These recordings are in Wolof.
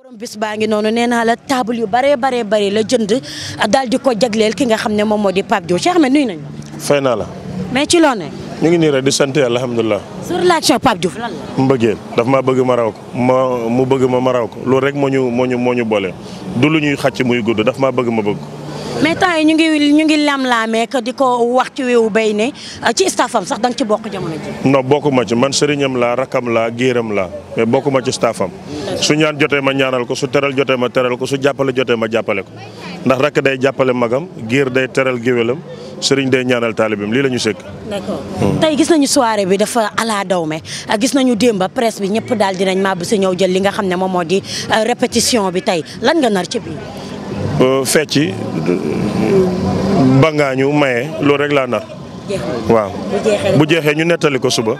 borom bis baa ngi noonu nee naa la table yu baree baree bari la jënd daal di ko jagleel ki nga xam ne moom moo di Pape Diouf Cheikh Ahmed nuyu nañu fay naa la. mais ci loo ne. ñu ngi nii rek di sant yàlla alhamdulilah. sur l'action Pape Diouf la. mbëggeel daf ma bëgg ma raw ko ma mu bëgg ma ma raw ko loolu rek moo ñu moo ñu moo ñu boole du lu ñuy xàcc muy gudd daf ma bëgg ma bëgg. mais temps yi ñu ngi ñu ngi lamlaamee que di ko wax ci wewu béy ne euh, ci staffam sax da ci bokk jamono ji. non bokkuma ci man sëriñam laa rakkam laa géeram laa mais bokkuma ci staffam su ñaan jotee ma ñaanal ko su teral jotee ma teral ko su jàppale jotee ma jàppale ko ndax rakk day jàppale magam géer day teral géwélam sëriñ day ñaanal taalibam lii la ñu sëkk. d'accord hmm. tey gis nañu soirée bi dafa ala daw me euh, gis nañu démb presse bi ñëpp daal dinañ màbb si ñëw jël li nga xam ne moom moo di euh, répétition bi tey lañ nga nar Euh, fecci bangaañu maye loolu rek laa nar. waaw bu jeexee ñu nettali ko suba.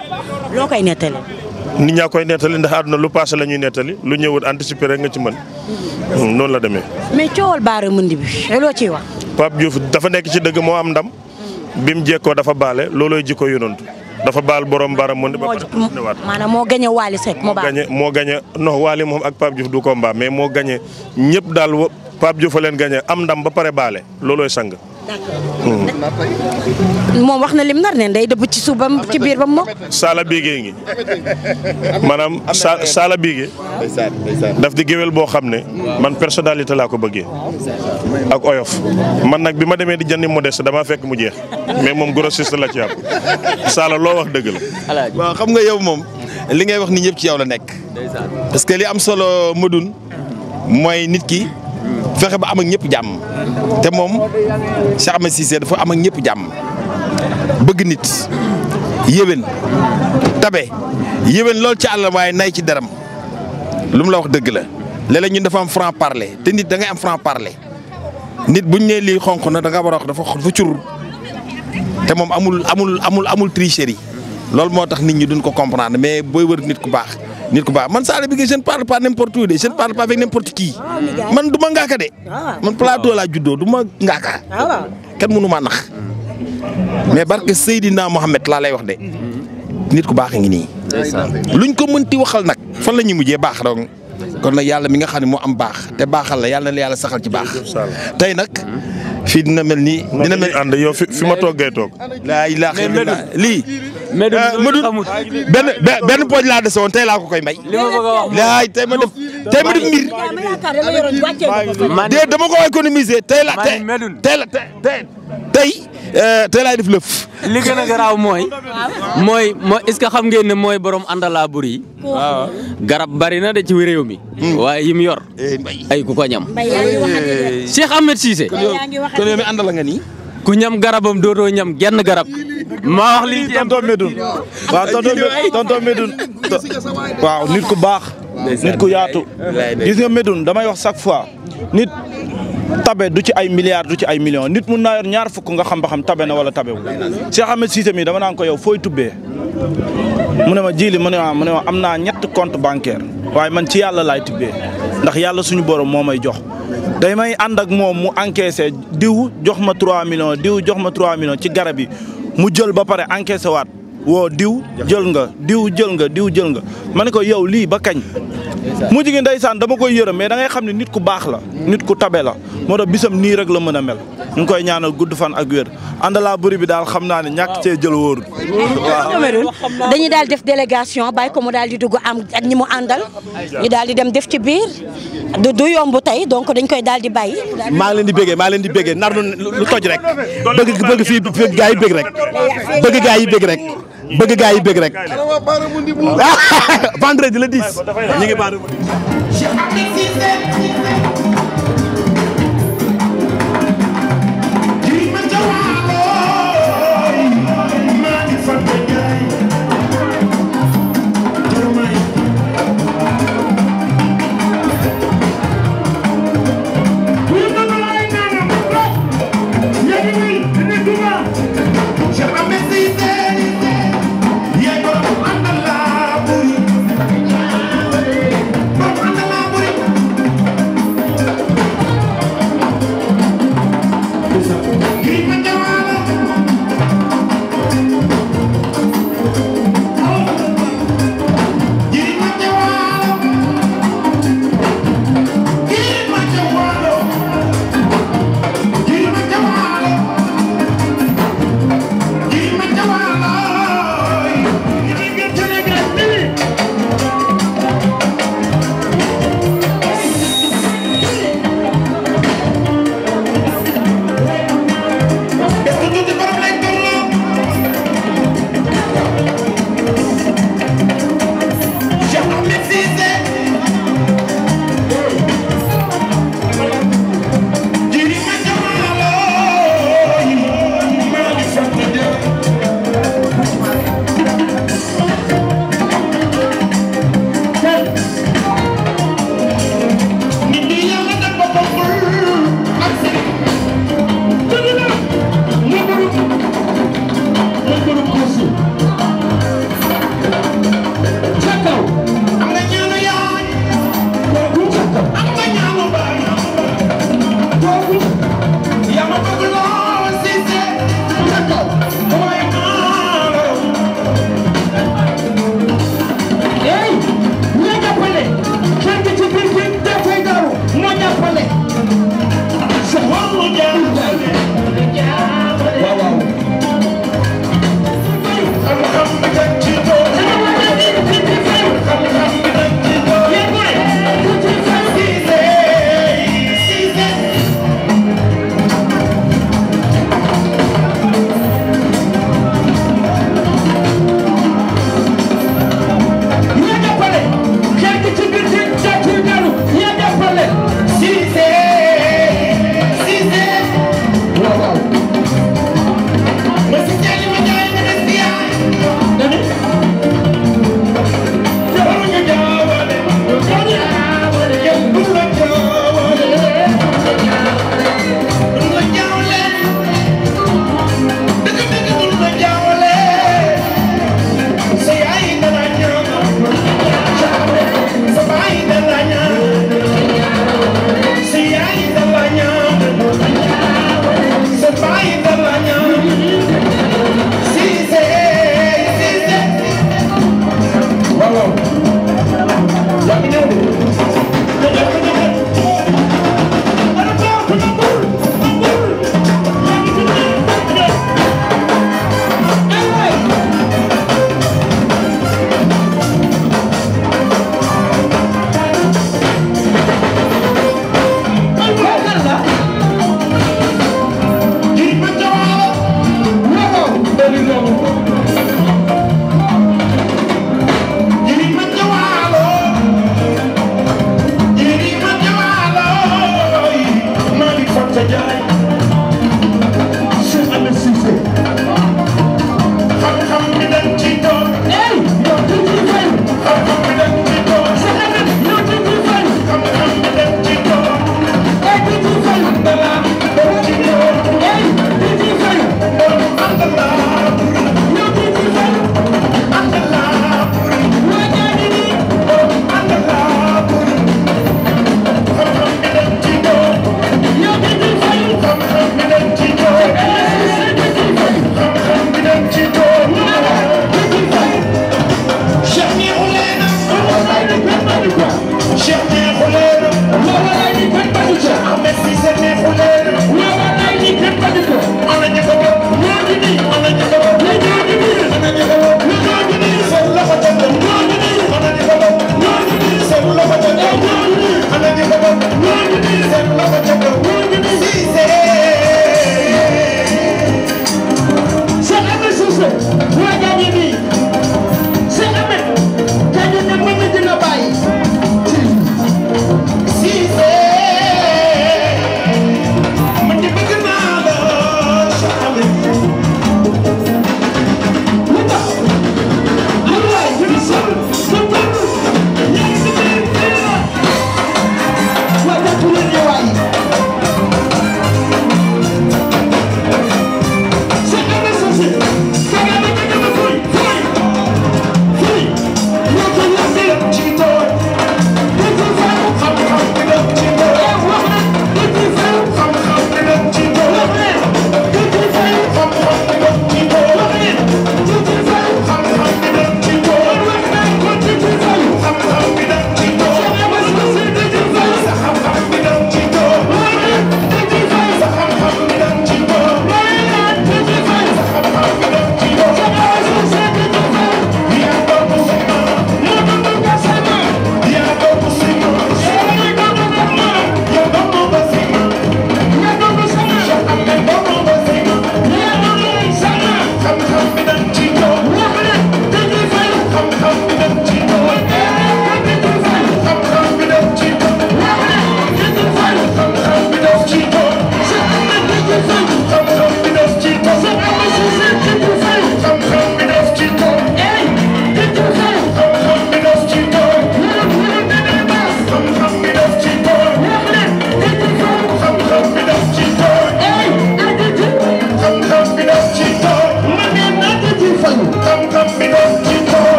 loo koy ñaa koy nettali ndax àdduna lu passé la ñuy nettali lu ñëwut anticiper rek nga ci mën. Mm-hmm. Mm, noonu la deme mais coowal baara mundi bi loo ciy wax. Pape Diouf dafa nekk ci dëgg moo am ndam. Mm-hmm. bi mu jekkoo dafa baale loolooy jikko yonantu dafa baal borom baara mundi. ba pare newaat maanaam moo gañe Waly Seck moo baal moo gañe non Waly moom ak Pape moo gañe Pape Diouf a leen gagné am ndam ba pare baale loolooy sang. moom wax na lim nar ne day dëbb ci suuf bam ci biir bam mokk. saala biige ngi maanaam sa saala biige. daf di géwél boo xam ne. man personnalité laa ko bëggee. ak oyof man nag bi ma demee di jëndi modeste damaa fekk mu jeex mais moom grossiste la ci am saala loo wax dëgg la. waaw xam nga yow moom li ngay wax ni ñëpp ci yow la nekk. parce li am solo Modou mooy nit ki. fexe ba am ak ñëpp jàmm te moom Cheikh Ahmed Cissé dafa am ak ñëpp jàmm bëgg nit yéwén tabe yéwén lool ci àll waaye nay ci deram lu mu la wax dëgg la léeg ñun dafa am franc parler te nit da ngay am franc parler nit buñ nee lii xonq na da nga war a wax dafa dafa cur te moom amul amul amul amul tricherie loolu moo tax nit ñi duñ ko comprendre mais booy wër nit ku baax. nit ku baax man Saliou Bigué je ne parle pas n'importe de je ne parle pas avec n'importe qui ah, man du ma ngaaka de ah. man plateau laa juddoo du ma ngaaka ah, kenn mënu ma nax mais barke Seydina Mohamed laa lay wax de nit ku baax a ngi nii luñ ko mënti waxal nag fan la ñuy mujjee baax dong kon nag yàlla mi nga xam ne moo am baax te baaxal la yàlla na la yàlla saxal ci baax tey nag fii dina mel nii dina mel ànd yow fi ma toggee toog laa ilaaha illallaa lii mais du eh, benn benn pooj laa dese woon tey laa ko koy may. li a wax laay tey ma def tey ma def mbir. déet dama ko économiser tey la tey tey la tey eh, def lëf. li gën a garaaw mooy. mooy mooy est-ce que xam ngeen ne mooy borom àndalaa bur yi. garab bari na de ci réew mi. Hmm. waaye yim yor. Eh, ay ku ko ñam. Cheikh Ahmed Cissé. kon yow mi àndala ku ñam garabam dootoo ñam genn garab maa wax lii tonton Medoune waaw tonton Medoune waaw nit ku baax nit ku yaatu gis nga Medoune damay wax chaque fois nit tabe du ci ay milliards du ci ay million nit mun naa ñaar fukk nga xam ba xam tabe na wala tabe wu Cheikh Ahmed Cissé mi dama naan ko yow fooy tubbee mu ne ma jili mu ne ma mu ne am naa ñett compte bancaire waaye man ci yàlla laay tubbee ndax yàlla suñu borom moo may jox day may ànd ak moom mu encaissé diw jox ma 3 millions diw jox ma 3 millions ci garab yi mu jël ba pare encaissé waat. woo diw jël nga diw jël nga diw jël nga ma ne ko yow lii ba kañ mu jigi ndeysaan dama koy yërëm mais da ngay xam ne nit ku baax la nit ku tabe la moo tax bisam nii rek la mën a mel ñu ngi koy ñaanal gudd fan ak wér àndalaa bëri bi daal xam naa ne ñàkk cee jël wóorul waaw dañuy daal def délégation bàyyi ko mu daal di dugg am ak ñi mu àndal ñu daal di dem def ci biir du du yomb tey donc dañ koy daal di bàyyi maa ngi leen di béggee maa ngi leen di béggee nar lu toj rek bëgg bëgg fii bëgg gaa yi bég rek bëgg gaa yi bég rek bëgg gaa yi bëgg rek vendredi le 10 ñu ngi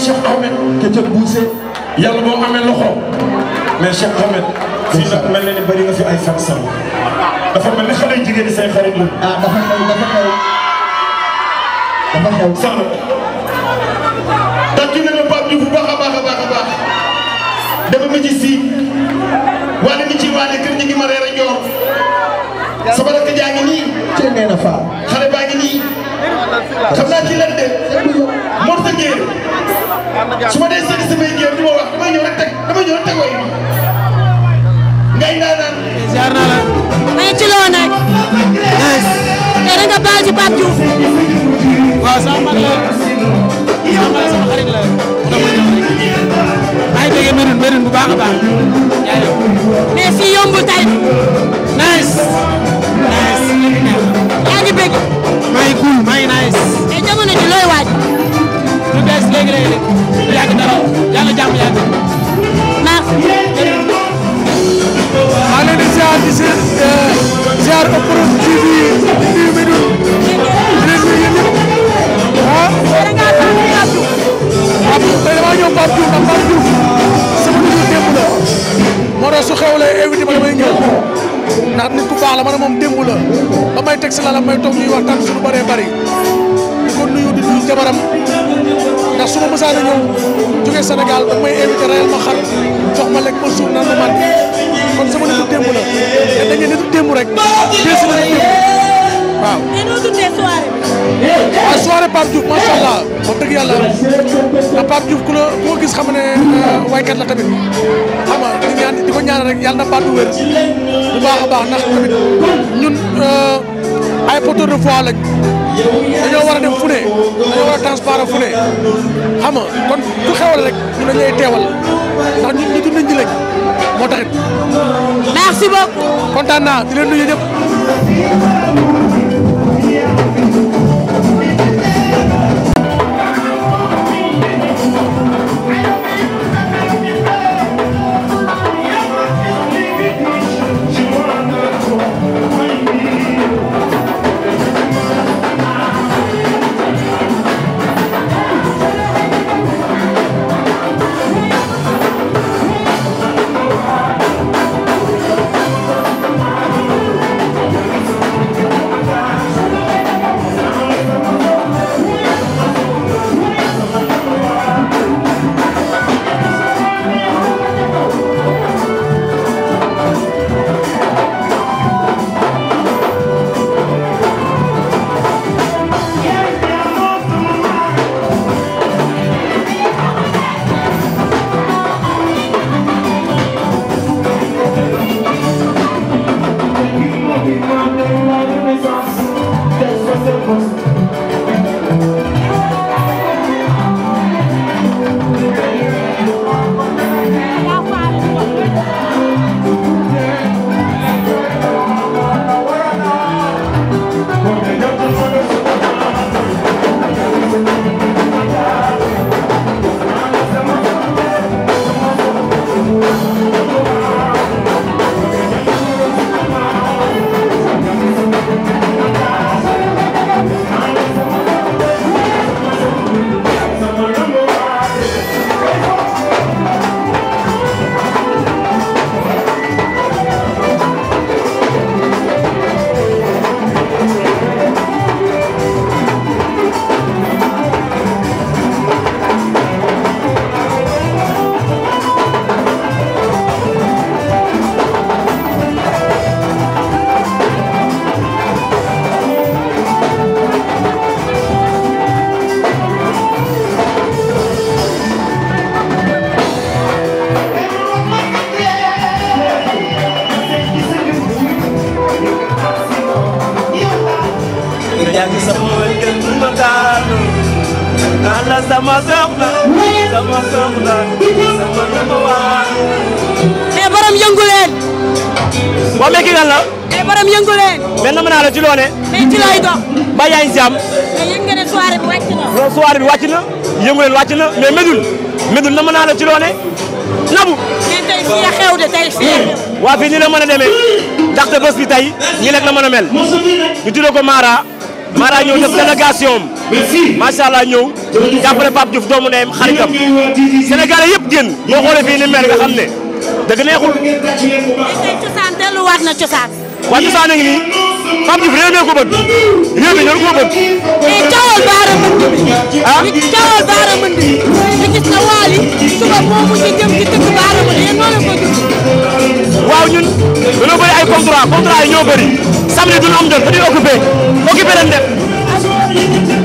Cheikh Ahmed ka ca buuse yàlla boo amee loxo mais Cheikh Ahmed. fii nag mel na ni bëri nga fi ay fan sam dafa mel ni xale jigéen ñi say xarit la. ah dafa xew dafa xew dafa xew. Sano. tàcc na ma Pape Diouf bu baax a baax a baax a baax dafa ma ci sii wala ni ci waale kër ñi ngi ma reer a ñor sama dëkk jaa ngi nii. cee nee na faa. xam naa ci lan de Mor sa Ndiéli su ma dee sëñ samay géer du ma wax damay ñëw rek teg damay ñëw rek la. ma ngi nga baal la sama mag la sama la maa ngi déggee mérine mérine bu baax a baax. jaajëf. mais fii yombul tey. nice. nice. yaa ngi bëgg. maa ngi cool maa ngi nice. mais eh, jamono ji looy waaj. lu bees léegi léegi léegi yàgg dara yàlla jàmm yàgg. merci. maa ngi leen di ziar di eh, ziar Prod TV di nuyu Médoune di leen nuyu yéen ñëpp ah. da ngaa sant Pape Diouf. Pape Diouf tey damaa ñëw Pape Diouf ndax Pape Diouf sama nuyu démb la moo tax su xewlee invité ma damay ñëw. ndax nit ku baax la man moom démb la ba may la may toog ñuy waxtaan suñu bëree bëri di ko nuyu di nuyu jabaram ndax su ma mësaan a ñëw jógee Sénégal da may invité rayal ma xar jox ma lekk ma suur naan ma man kon sama nitu démb la te dañuy nitu démb rek déesi la waaw a noo dundee soirée bi. Ah, waaw soirée Pape Diouf macha allah wax dëgg yàlla ndax ah, Pape Diouf ku la koo gis xam ne euh, waykat la tamit xam nga di ñaan di ko ñaan rek yàlla na baat bu wér bu baax a baax ndax tamit ñun euh, ay porteur de voix lañ dañoo war a dem fu ne dañoo war a transparent fu ne xam kon ku xewal rek ñu dañ lay teewal ndax ñun ñu dund ñu lañ moo taxit. merci beaucoup. kontaan naa di leen nuyu jàng sama borom yëngu leen waa mais ki nga la eh, borom yëngu leen mais ci loone mais ci lay dox ba yaa ngi jàmm mais yëg nga na loolu soirée bi na yëngu leen wàcc na mais medul ci loone nabu fii la xew de tey fii. waa nii la mën a demee ndaxte bés bi tey nii rek la mën a mel ñu tuddee ko Mara Mara ñëw def délégation am macha allah ñëw jàppale Pape doomu ndeyam xaritam Sénégal yëpp génn boo xoolee fii ni mel nga xam ne dëgg neexul. dañ koy cosaan delluwaat na cosaan. waa cosaan a nii. Pape Diouf réew mi ko bëgg réew mi ñoo ko bëgg. mais coowal baara mënd bi. ah li coowal baara mënd bi. ñu gis na Wally suba moomu ñu jëm ci tëgg baara mënd yéen noo leen ko gis. waaw ñun dañoo bëri ay contrat contrat yi ñoo bëri samedi duñu am jot fa di occupé occupé ren def.